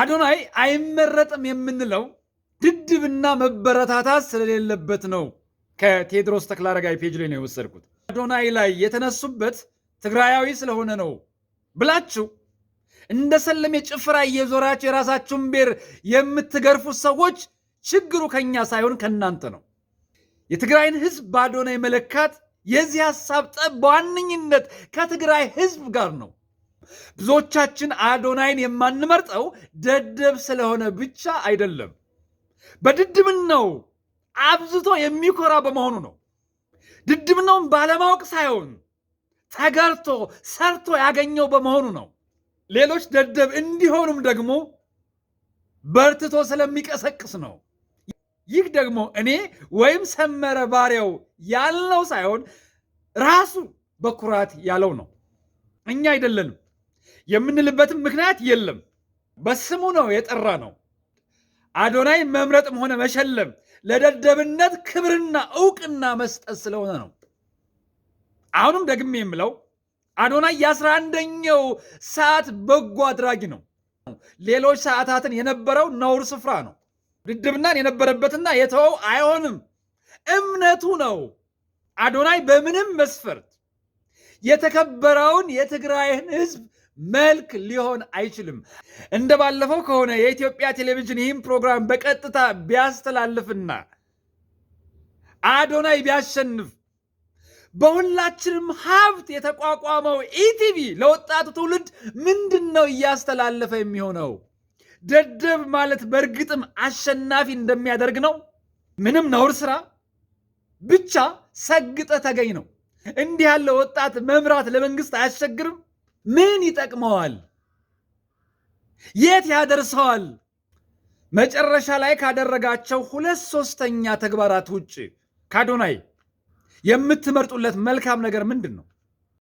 አዶናይ አይመረጥም የምንለው ድድብና መበረታታት ስለሌለበት ነው። ከቴዎድሮስ ተክለአረጋዊ ፔጅ ላይ ነው የወሰድኩት። አዶናይ ላይ የተነሱበት ትግራያዊ ስለሆነ ነው ብላችሁ እንደ ሰለሜ ጭፍራ እየዞራችሁ የራሳችሁን ብሔር የምትገርፉት ሰዎች ችግሩ ከኛ ሳይሆን ከእናንተ ነው። የትግራይን ህዝብ በአዶናይ መለካት የዚህ ሀሳብ ጠብ በዋነኝነት ከትግራይ ህዝብ ጋር ነው። ብዙዎቻችን አዶናይን የማንመርጠው ደደብ ስለሆነ ብቻ አይደለም። በድድብናው አብዝቶ የሚኮራ በመሆኑ ነው። ድድብናውን ባለማወቅ ሳይሆን ተገርቶ ሰርቶ ያገኘው በመሆኑ ነው። ሌሎች ደደብ እንዲሆኑም ደግሞ በርትቶ ስለሚቀሰቅስ ነው። ይህ ደግሞ እኔ ወይም ሰመረ ባሪያው ያልነው ሳይሆን ራሱ በኩራት ያለው ነው። እኛ አይደለንም። የምንልበትም ምክንያት የለም። በስሙ ነው የጠራ ነው። አዶናይ መምረጥም ሆነ መሸለም ለደደብነት ክብርና እውቅና መስጠት ስለሆነ ነው። አሁንም ደግሜ የምለው አዶናይ የአስራ አንደኛው ሰዓት በጎ አድራጊ ነው። ሌሎች ሰዓታትን የነበረው ነውር ስፍራ ነው። ድድብናን የነበረበትና የተወው አይሆንም። እምነቱ ነው። አዶናይ በምንም መስፈርት የተከበረውን የትግራይን ሕዝብ መልክ ሊሆን አይችልም። እንደ ባለፈው ከሆነ የኢትዮጵያ ቴሌቪዥን ይህም ፕሮግራም በቀጥታ ቢያስተላልፍና አዶናይ ቢያሸንፍ በሁላችንም ሀብት የተቋቋመው ኢቲቪ ለወጣቱ ትውልድ ምንድን ነው እያስተላለፈ የሚሆነው? ደደብ ማለት በእርግጥም አሸናፊ እንደሚያደርግ ነው። ምንም ነውር ስራ ብቻ ሰግጠ ተገኝ ነው። እንዲህ ያለ ወጣት መምራት ለመንግስት አያስቸግርም? ምን ይጠቅመዋል? የት ያደርሰዋል? መጨረሻ ላይ ካደረጋቸው ሁለት ሶስተኛ ተግባራት ውጭ ካዶናይ የምትመርጡለት መልካም ነገር ምንድን ነው?